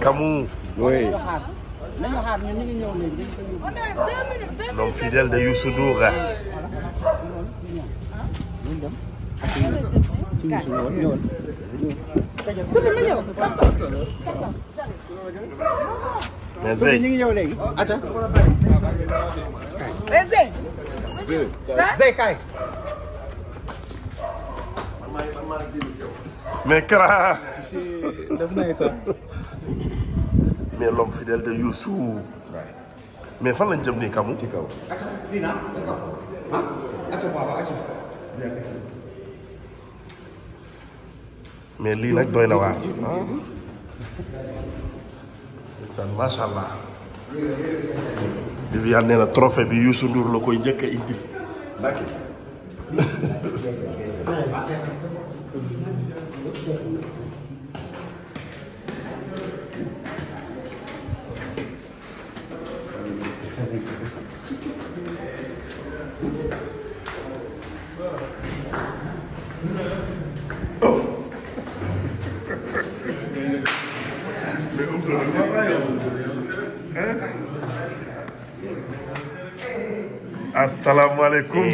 Kamou. oui. l'homme fidèle de Youssou Ndour. mais Zey. Zey kay. mais Kara. daf nay sax. mais l'homme fidèle de Youssou mais fan lañ jëm ni kamu ci kaw ah, mais li nak doyna war san masha Allah Viviane trophée bi Youssou Ndour la koy ñëk indi bakki Thank you. asalaamaaleykum.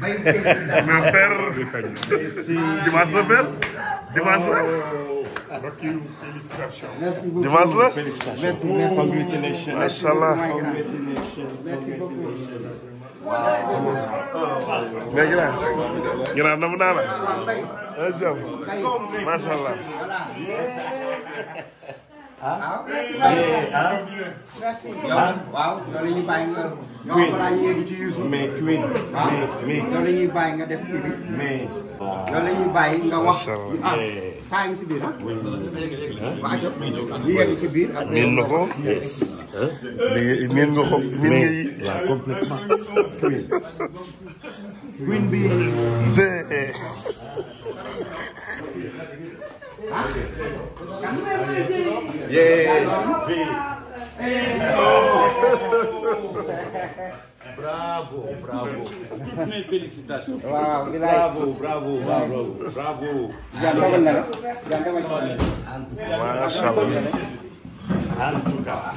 ma père. dimanche la père. dimanche la. Oh. dimanche la. macha allah. mais ah waaw loolu ñu bàyyi nga. ñoom balaa yéegi ci Youssou. mais Queen. mais mais nga def kii bi. mais. loolu la ñuy nga wax. ah saa ngi si biir ah. ñu yegg miin na ko. miin nga ko miin nga yi. waaw complètement. Queen bi. Jej, Bravo, bravo. Toutes mes félicitations. Wow, bravo, bravo, bravo, bravo. Bravo.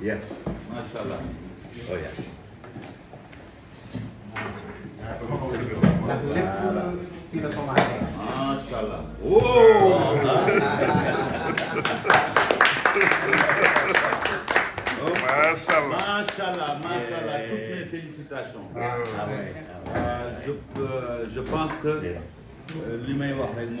Yes. MashaAllah. Oh, yes. MashaAllah. Oh! MashaAllah. MashaAllah, Mashallah. Toutes mes félicitations. Ah, ah, euh, je, euh, je pense que euh, l'humain va faire mon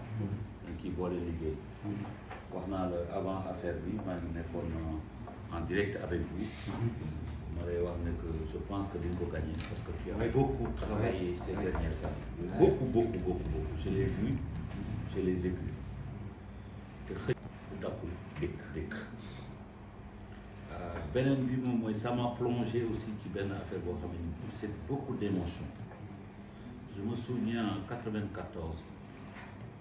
qui voit les wax avant affaire je suis pas en direct avec vous mhm. je pense que vous avez gagné parce que tu as beaucoup travaillé ces dernières années beaucoup beaucoup beaucoup beaucoup je l'ai vu je l'ai vécu euh, ça m'a plongé aussi c'est beaucoup d'émotions je me souviens en 1994,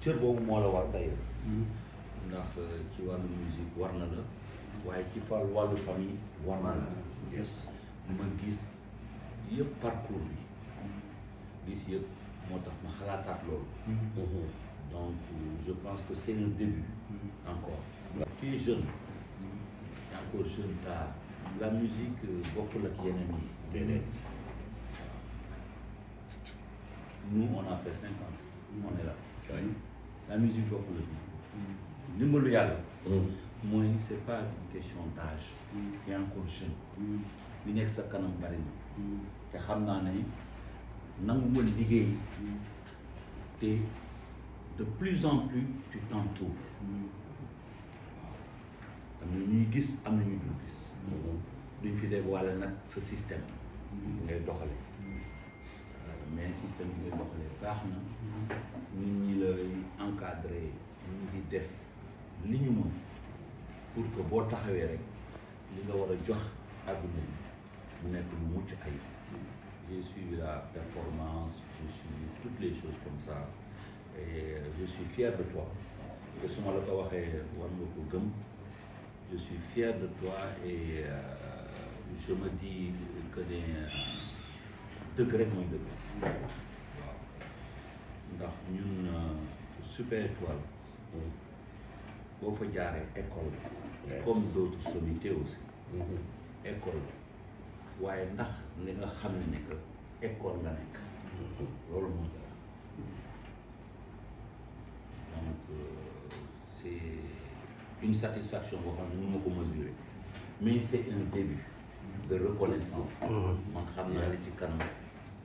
cër boobu moo la war tey mhm. ndax euh, ci wàllu musique war na la waaye ci fal wàllu famille war na la yes ma gis yëpp parcours bi gis yëpp moo tax ma xalaataat loolu mhm. donc je pense que c'est un début mhm. encore tu jeune encore jeune ta la musique euh, bokkul ak yeneen yi déedéet nous, on a fait 5 ans. Nous, on est là. La musique doit pour le mm. Numéro mm. Moi, ce n'est pas une question d'âge. Mm. Il a encore jeune. Il Je sais que de plus en plus, tu t'entoures. am système mais système bi ngay doxalee baax na nit ñi encadré ñu ngi def li pour que boo taxawee rek li nga war a jox adduna bi mu nekk lu mucc ayib j'ai suivi la performance je suis toutes les choses comme ça et je suis fier de toi te su ma la ko waxee war nga ko gëm je suis fier de toi et euh, je me dis que ne euh, degré rek degré. dëgg ndax ñun euh, super étoile euh, boo fa jaaree école comme d'autres sommités aussi mm-hmm. école ouais ndax li nga xam école nga nekk mm-hmm. loolu moo donc euh, c'est une satisfaction boo nous ne mesurer mais c'est un début de reconnaissance mm-hmm. man sais naa li ci kanam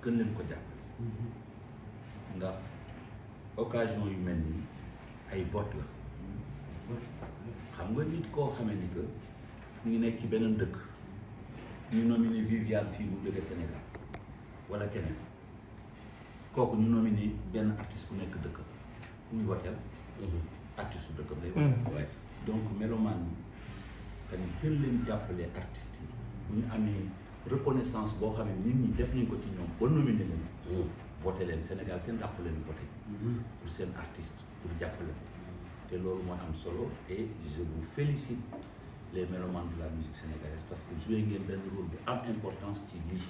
gën leen ko jàppale mm-hmm. ndax occasion yu mel nii ay vote la mm-hmm. xam nga nit koo xamee ni que ngi nekk ci beneen dëkk ñu nominé Viviane fii mu jóge Sénégal wala keneen kooku ñu nominé benn artiste bu nekk dëkkam ku muy woteel mm-hmm. artiste dëkkam lay woteel donc melomaan tamit gën leen jàppale artiste yi bu ñu amee reconnaissance bo xam nit ñi def nañ ko ci ñom ba nominer leen mm. voter leen Sénégal kenn dàq leen voter mm-hmm. pour sen artiste pour jàppale té loolu moy am solo et je vous félicite les mélomanes de la musique sénégalaise parce que joué ngeen ben rôle bu am importance ci lii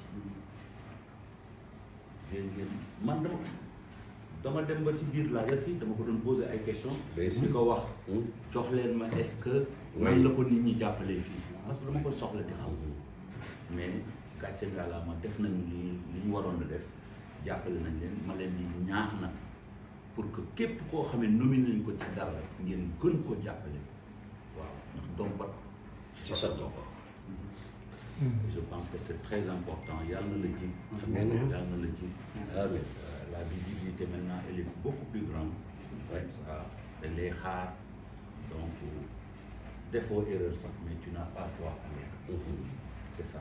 joué ngeen man dama dama dem ba ci biir laajal fii dama ko doon poser ay questions ñu ko wax mm. jox leen ma est-ce que nan la ko nit ñi jàppalee fii parce que dama ko soxla di xam mm-hmm mais gàcce ngaalaama def nañu li li ñu waroon def jàppale nañ leen ma leen di ñaax nag pour que képp ko xamé nominé ñu ko ci dara ngeen gën ko jàppale waaw ndax dompat ci sa dompat hmm. je pense que c'est très important yàlla na la ji yàlla na la ji ah euh, la visibilité maintenant elle est beaucoup plus grande ouais ça dañ lay xaar donc euh, défaut erreur ça mais tu n'as pas droit à l'erreur mm-hmm. c'est ça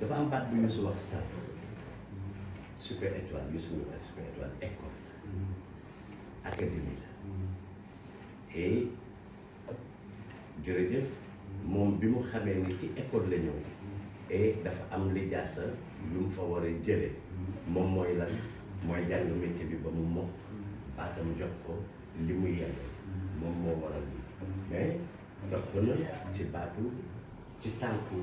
dafa am baat bu ñu su wax super étoile yu suñu super étoile école académie la et jërëjëf moom bi mu xamee ni ci école la ñëw et dafa am li jaasa lu mu fa war a jële moom mooy lan mooy jàng métier bi ba mu mokk baatam jox ko li moom moo waral bi mais jox ko na ci baatu ci tànku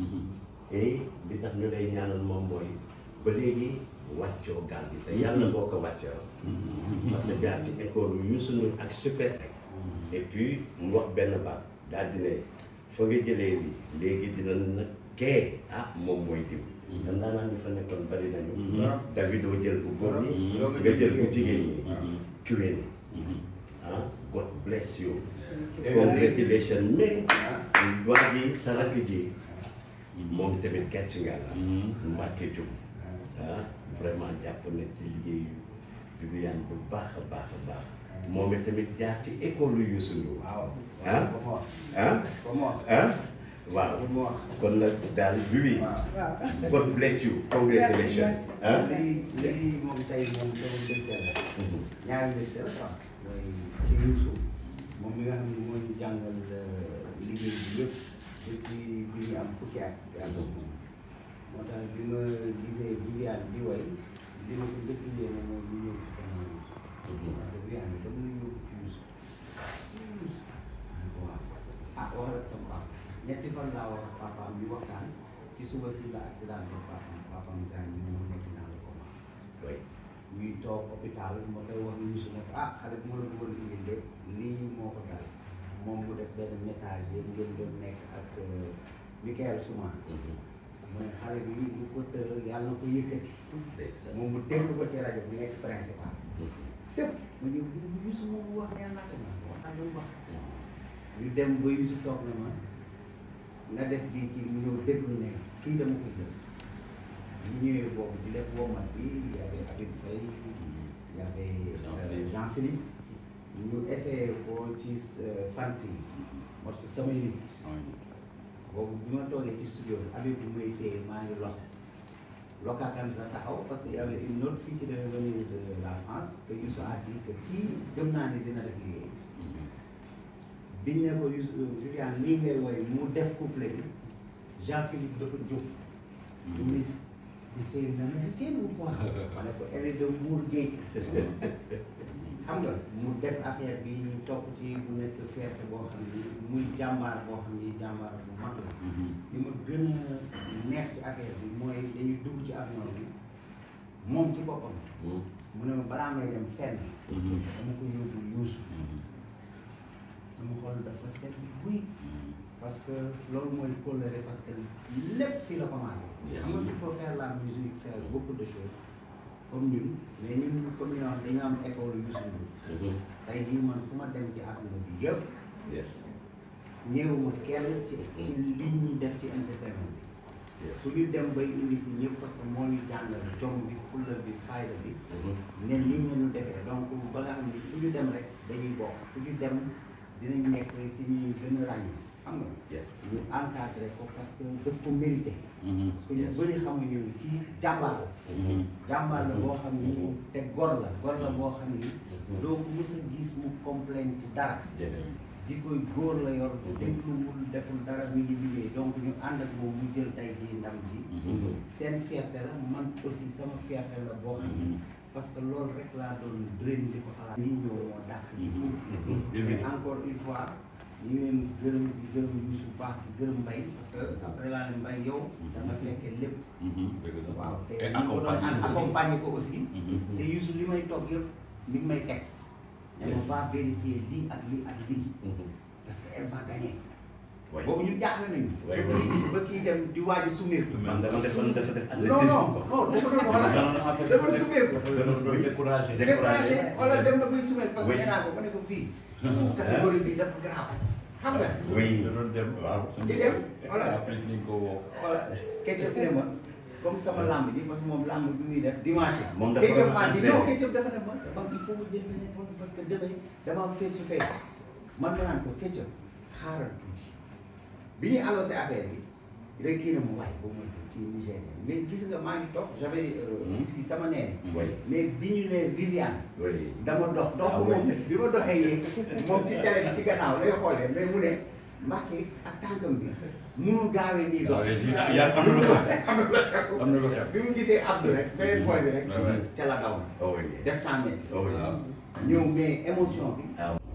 Mm-hmm. et eh, li tax ñu lay ñaanal moom mooy ba léegi wàccoo gaal bi te yàlla boo mm-hmm. ko wàccoo mm-hmm. parce que jaar ci école yu suñu ak super ak et mu wax benn baat daal fa nga jëlee li léegi dina nag kee ah moom mooy diw dam daanaan ñu fa nekkoon bari nañu Davido jël bu góor ñi nga jël bu jigéen ñi cuwee ni ah, God bless you congratulation mais ah. waa ji sa rakk ji moom tamit gàcc nga la mm-hmm. mu màkkee ah vraiment jàpp na ci liggéeyu Viviane bu baax a baax a moom tamit jaar ci école Youssou Ndour ah ah ah waaw kon nag daal bi God bless you congratulations ah lii moom moom sama mm-hmm. moom mi nga xam ne et puis bii am fukki at ak topp ma di way li ma ko njëkk yéene moom ñu ñëw ci kanam wante ah wax ak sama papa ñetti fan laa wax papaam bi waxtaan ci suba si la accident bi papaam papaam gaañ bi mu ko ñu ah xale bu ma ni benn message yéen ngeen doon nekk ak Michael Souma. mooy xale bi ñu ko tëral yàlla na ko yëkkati. moom mu dégg ko ci rajo bu nekk principal. tëb mu ñëw bu ñu Youssou moom wax yàlla naa ko wax naa wax. ñu dem ba Youssou toog na ma nga def bii ci mu ñëw ne kii dama ko jël. ñu ñëwee boobu di def woomat bi y avait Habib Faye y avait Jean Philippe. ñu essayé ko ci fan si morceau sama nit boobu bi ma toogee ci studio bi a bu may téye maa ngi lox lokaakan sa taxaw parce que y ele não fique fille qui de la France que sou a dit que kii gëm naa ne dina def liggéey biñ um novo Youssou Viviane lii ngay woy mu def couplet bi Jean-Philippe dafa jóg du mis di seen na mais kenn wu de Mbour xam nga mu def affaire bi ñu topp ci bu nekk fierté boo xam ni muy jàmbaar boo xam ni jàmbaar bu mag la. Mm-hmm. li ma gën a neex ci affaire bi mooy dañuy dugg ci avion bi moom ci boppam. Mm-hmm. mu ne ma balaa may dem fenn. Mm-hmm. dama ko yóbbu yuusu. sama xol dafa set buy. parce que loolu mooy coloré parce lépp fii la commencé. bien sûr xam nga tu peux faire la musique faire beaucoup de choses. comme ñun mais ñun comme ñoo xam dañoo am école yu suñu. Mm-hmm. tey jii man fu ma dem ci àdduna bi yëpp. yes. ñëwuma ci mm-hmm. ci li ñuy def ci entertainment bi. yes su ñu dem bay indi fi ñëpp parce que moo ñu jàngal jom bi fulla bi fayda bi. Mm-hmm. ne li ñu defee donc ba nga xam ni fu ñu dem rek dañuy bokk fu ñu dem dinañ nekk ci ñuy gën a xam nga ñu encadré ko parce que daf ko mérité mm-hmm. parce que ñu bëri xamuñu ne kii jàmbaar la mm-hmm. jàmbaar la boo xam ni mm-hmm. te gor la gor la boo xam ni doo ko mës gis mu complain ci dara di koy góor la yor dégluwul deful dara mi ngi liggéey donc ñu ànd ak moom mu jël tey jii ndam ji seen fierté la man aussi sama fierté la boo xam ni parce que loolu rek laa doon drain di ko xalaat nii ñoo moo dàq encore une fois ñu ngi leen gërëm di gërëm Youssou Ba di gërëm Mbaye parce que après ah. laa ne Mbaye yow mhm. danga fekkee lépp mhm, waaw te doon accompagné ko aussi mhm. te Youssou li may toog yëpp mi ngi may texte mais on va vérifier lii ak lii ak lii parce que elle va gagner boobu ñu jaaxle nañu ba kii dem di waaj a sumeeku man dama defoon dafa def athlétisme non non dafa doon sumeeku dafa doon découragé découragé wala dem na buy sumeeku parce que nee naa ko ba ne ko fii kategori bidang berapa? Apa kan? Wih, turun dem, wow. olah. Apa ini kau? Olah, kecap mah, kom sama lamb di pas mau lamb di muy kecap mana? di mana kecap dafa ne ma bang il faut mu face to face Mana ma kecap xaaral tuuti bi ñu annoncé affaire bi rek kii kii Nigéria mais gis nga maa ngi toog j'avais. kii euh, hmm? sama nee. mais bi ñu nee Viviane. dama dox dox ah moom bi ma doxee yee moom ci télé bi ci gannaaw lay xoolee mais mu ne Mbacke ak tànkam bi mënul gaawee nii dox. yaa am na am na lu ko bi mu gisee Abdou rek hmm. beneen boy bi rek. Ah, ca la daw na. Oh, def cent mètres. Oh, bi. Ah,